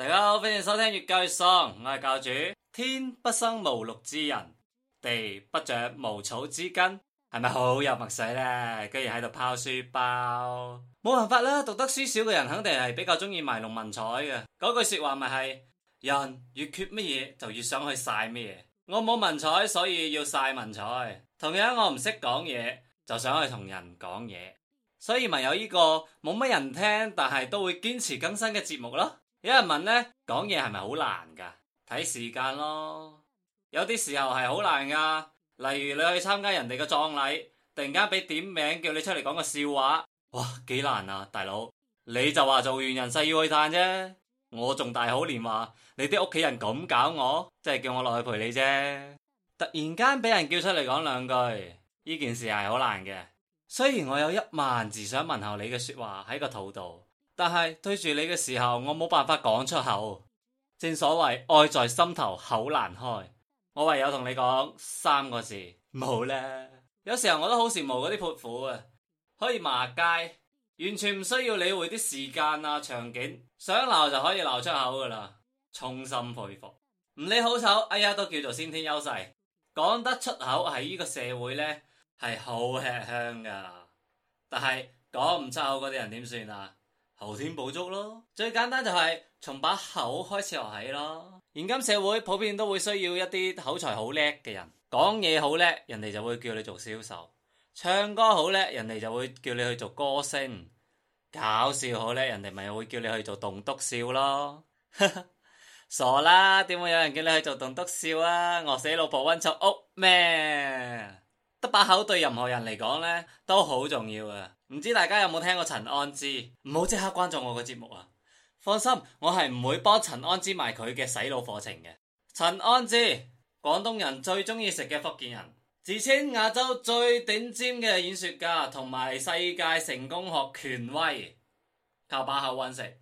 大家好，歡迎收聽《越教越喪》，我係教主。天不生無祿之人，地不長無草之根，係咪好有墨水呢？居然喺度拋書包，冇辦法啦！讀得書少嘅人肯定係比較中意賣弄文采嘅。嗰句說話咪係：人越缺乜嘢，就越想去晒乜嘢。我冇文采，所以要晒文采。同樣，我唔識講嘢，就想去同人講嘢。所以咪有呢個冇乜人聽，但係都會堅持更新嘅節目咯。有人問咧，講嘢係咪好難噶？睇時間咯，有啲時候係好難噶。例如你去參加人哋嘅葬禮，突然間俾點名叫你出嚟講個笑話，哇，幾難啊！大佬，你就話做完人世要去嘆啫。我仲大好年華，你啲屋企人咁搞我，即係叫我落去陪你啫。突然間俾人叫出嚟講兩句，呢件事係好難嘅。雖然我有一萬字想問候你嘅說話喺個肚度。但係對住你嘅時候，我冇辦法講出口。正所謂愛在心頭口難開，我唯有同你講三個字冇呢。 有時候我都好羨慕嗰啲潑婦啊，可以罵街，完全唔需要理會啲時間啊、場景，想鬧就可以鬧出口噶啦。衷心佩服，唔理好醜，哎呀都叫做先天優勢，講得出口喺呢個社會呢，係好吃香噶。但係講唔出口嗰啲人點算啊？後天補足咯，最簡單就係從把口開始學起咯。現今社會普遍都會需要一啲口才好叻嘅人，講嘢好叻，人哋就會叫你做銷售；唱歌好叻，人哋就會叫你去做歌星；搞笑好叻，人哋咪會叫你去做棟篤笑咯。 傻啦，點會有人叫你去做棟篤笑啊？餓死老婆溫臭屋咩？得把口對任何人嚟講咧都好重要啊！唔知大家有冇聽過陳安之？唔好即刻關注我個節目啊！放心，我係唔會幫陳安之賣佢嘅洗腦課程嘅。陳安之，廣東人最中意食嘅福建人，自稱亞洲最頂尖嘅演說家同埋世界成功學權威，靠把口揾食。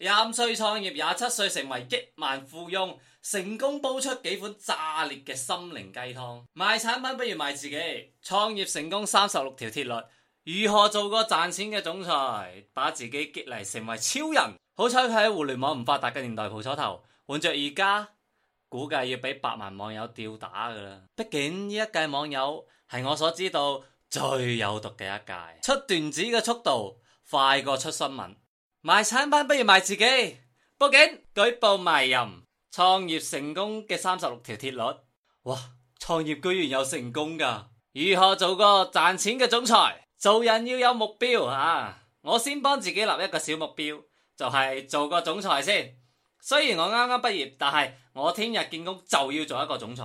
廿五歲創業，廿七歲成為億萬富翁，成功煲出幾款炸裂嘅心靈雞湯。賣產品不如賣自己，創業成功三十六條鐵律，如何做個賺錢嘅總裁，把自己激勵成為超人。好彩佢喺互聯網唔發達嘅年代蒲咗頭，換着而家估計要俾百萬網友吊打噶啦。畢竟呢一屆網友係我所知道最有毒嘅一屆，出段子嘅速度快過出新聞。賣產品不如賣自己。報警舉報賣淫。創業成功嘅三十六條鐵律。哇！創業居然有成功噶？如何做個賺錢嘅總裁？做人要有目標啊！我先幫自己立一個小目標，就係做個總裁先。雖然我啱啱畢業，但係我聽日見工就要做一個總裁，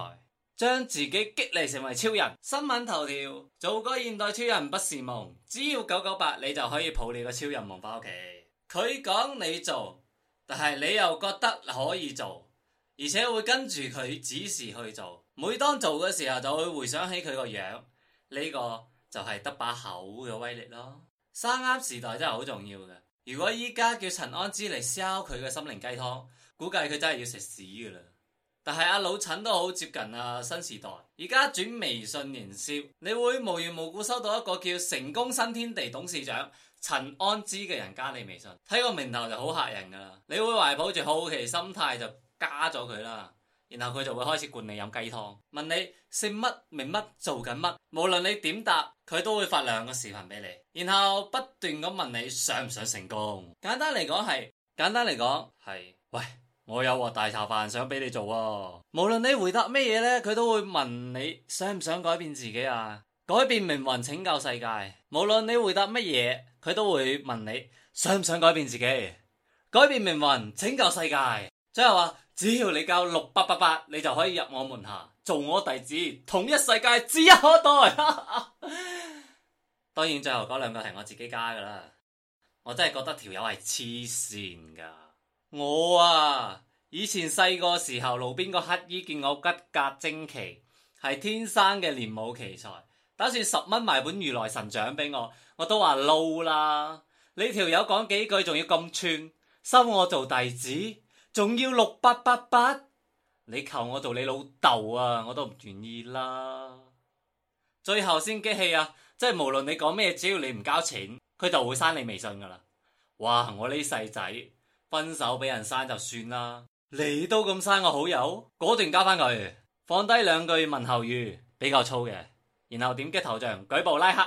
將自己激勵成為超人。新聞頭條：做個現代超人不是夢，只要九九八，你就可以抱你個超人夢返屋企。Okay? 佢講你做，但係你又覺得可以做，而且會跟住佢指示去做。每當做嘅時候，就會回想起佢個樣，呢個就係得把口嘅威力咯。生啱時代真係好重要嘅。如果依家叫陳安之嚟 sell 佢嘅心靈雞湯，估計佢真係要食屎噶啦。但係阿老陳都好接近啊新時代，而家轉微信營銷，你會無緣無故收到一個叫成功新天地董事長。陳安之嘅人加你微信，睇個名頭就好嚇人噶啦，你會懷抱住好奇心態就加咗佢啦，然後佢就會開始灌你飲雞湯，問你姓乜名乜做緊乜，無論你點答，佢都會發兩個視頻俾你，然後不斷咁問你想唔想成功？簡單嚟講係，簡單嚟講係，喂，我有鑊大茶飯想俾你做喎、啊，無論你回答咩嘢咧，佢都會問你想唔想改變自己啊？改變命運拯救世界，無論你回答乜嘢，佢都會問你想唔想改變自己？改變命運拯救世界，即係話、啊、只要你交六八八八，你就可以入我門下做我弟子，統一世界指日可待。 當然，最後嗰兩個係我自己加噶啦，我真係覺得條友係黐線噶。我啊，以前細個時候路邊個乞衣見我骨骼精奇，係天生嘅練武奇才。打算十蚊買本如來神掌俾我，我都話撈啦。你條友講幾句，仲要咁串收我做弟子，仲要六八八八，你求我做你老豆啊，我都唔願意啦。最後先激氣啊，即係無論你講咩，只要你唔交錢，佢就會刪你微信噶啦。哇，我呢世仔分手俾人刪就算啦，你都咁刪我好友，果斷加翻佢，放低兩句問候語，比較粗嘅。然後點擊頭像舉報拉黑，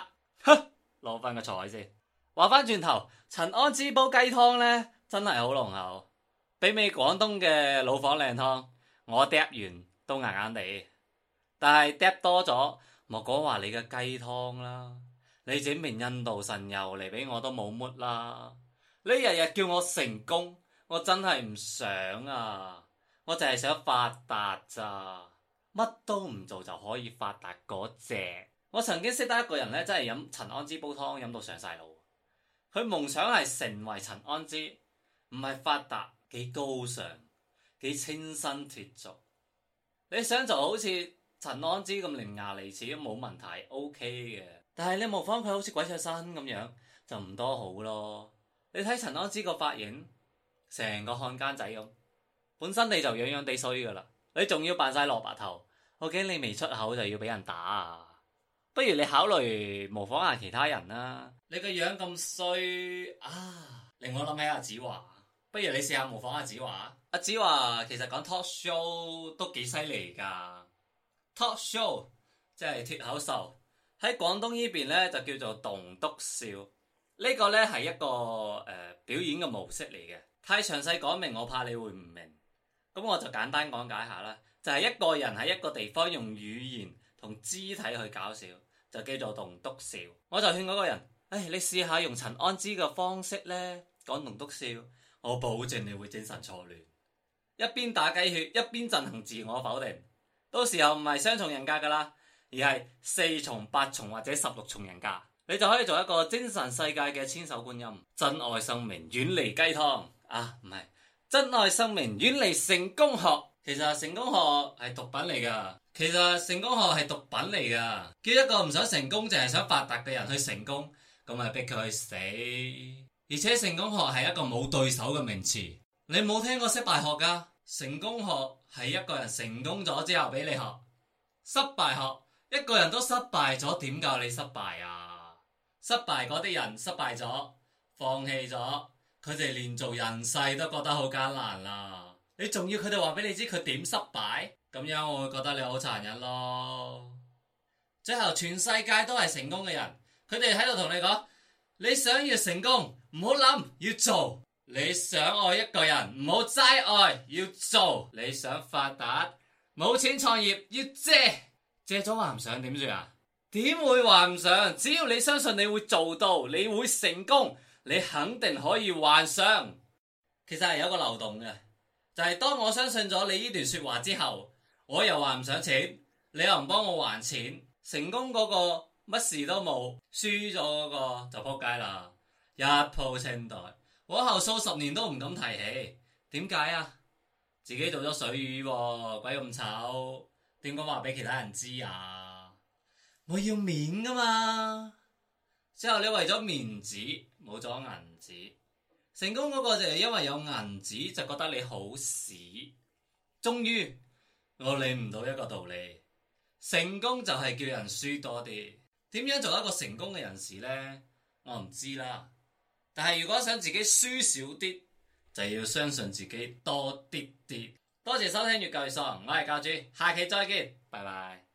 哼，攞返個彩先。話翻轉頭，陳安之煲雞湯呢，真係好濃厚，媲美廣東嘅老火靚湯，我嗒完都硬硬地。但係嗒多咗，莫講話你嘅雞湯啦，你整瓶印度神油嚟俾我都冇乜啦。你日日叫我成功，我真係唔想啊，我淨係想發達咋。乜都唔做就可以發達嗰隻？我曾經識得一個人咧，真係飲陳安之煲湯飲到上晒腦，佢夢想係成為陳安之，唔係發達幾高尚幾清新脫俗。你想做好似陳安之咁伶牙俐齒冇問題，OK 嘅。但係你模仿佢好似鬼上身咁樣，就唔多好咯。你睇陳安之個髮型，成個漢奸仔咁，本身你就樣樣地衰噶啦。你仲要扮晒落白頭，我驚你未出口就要俾人打啊！不如你考慮模仿下其他人啦。你個樣咁衰啊，令我諗起阿子華。不如你試下模仿阿子華。阿子華其實講 talk show 都幾犀利噶，talk show 即係脫口秀，喺廣東呢邊呢，就叫做棟篤笑。呢、呢個呢，係一個誒、呃、表演嘅模式嚟嘅，太詳細講明我怕你會唔明。咁我就簡單講解下啦，就係、是、一個人喺一個地方用語言同肢體去搞笑，就叫做棟篤笑。我就勸嗰個人，唉、哎，你試下用陳安之嘅方式咧講棟篤笑，我保證你會精神錯亂，一邊打雞血，一邊進行自我否定，到時候唔係雙重人格噶啦，而係四重、八重或者十六重人格，你就可以做一個精神世界嘅千手觀音，珍愛生命，遠離雞湯啊，唔係。珍愛生命，遠離成功學。其實成功學係毒品嚟噶。其實成功學係毒品嚟噶。叫一個唔想成功淨係想發達嘅人去成功，咁咪逼佢去死。而且成功學係一個冇對手嘅名詞。你冇聽過失敗學噶？成功學係一個人成功咗之後俾你學。失敗學，一個人都失敗咗，點教你失敗啊？失敗嗰啲人失敗咗，放棄咗。佢哋連做人世都覺得好艱難啦，你仲要佢哋話俾你知佢點失敗，咁樣我會覺得你好殘忍咯。最後全世界都係成功嘅人，佢哋喺度同你講：你想要成功，唔好諗，要做；你想愛一個人，唔好齋愛，要做；你想發達，冇錢創業要借，借咗還唔上點算啊？點會還唔上？只要你相信你會做到，你會成功。你肯定可以幻想，其實係有個漏洞嘅，就係、是、當我相信咗你呢段說話之後，我又話唔想錢，你又唔幫我還錢，成功嗰個乜事都冇，輸咗嗰個就仆街啦，一鋪清袋，往後數十年都唔敢提起，點解啊？自己做咗水魚、啊，鬼咁醜，點講話俾其他人知啊？我要面㗎嘛！之後你為咗面子冇咗銀紙，成功嗰個就係因為有銀紙就覺得你好屎。終於我領悟到一個道理，成功就係叫人輸多啲。點樣做一個成功嘅人士呢？我唔知啦。但係如果想自己輸少啲，就要相信自己多啲啲。多謝收聽粵教粵喪，我係教主，下期再見，拜拜。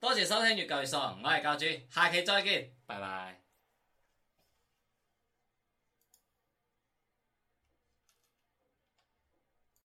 多謝收聽月月《粵教粵喪》，我係教主，下期再見，拜拜。拜拜。